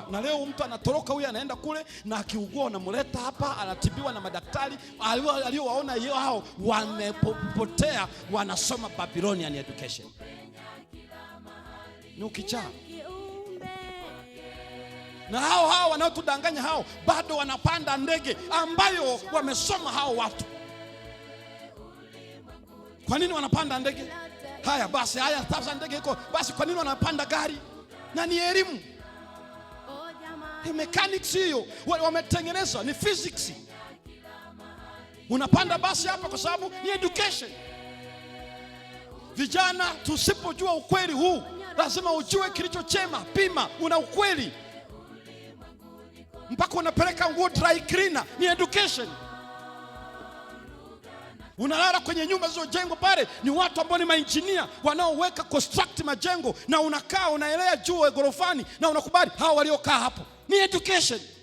anabadilika, na leo mtu anatoroka huyu anaenda kule, na akiugua anamleta hapa, anatibiwa na madaktari aliowaona yeye. Hao wamepotea, wanasoma Babylonian education, ni ukichaa na hao hao wanaotudanganya hao bado wanapanda ndege ambayo wamesoma hao watu. Kwa nini wanapanda ndege? Haya basi, haya sasa, ndege iko basi, kwa nini wanapanda gari? Na ni elimu mechanics hiyo wametengeneza, ni physics. Unapanda basi hapa kwa sababu ni education. Vijana, tusipojua ukweli huu, lazima ujue kilicho chema, pima, una ukweli mpaka unapeleka nguo dry cleaner, ni education. Unalala kwenye nyumba zilizojengwa pale, ni watu ambao ni mainjinia wanaoweka construct majengo, na unakaa unaelea juu ya gorofani na unakubali hao waliokaa hapo ni education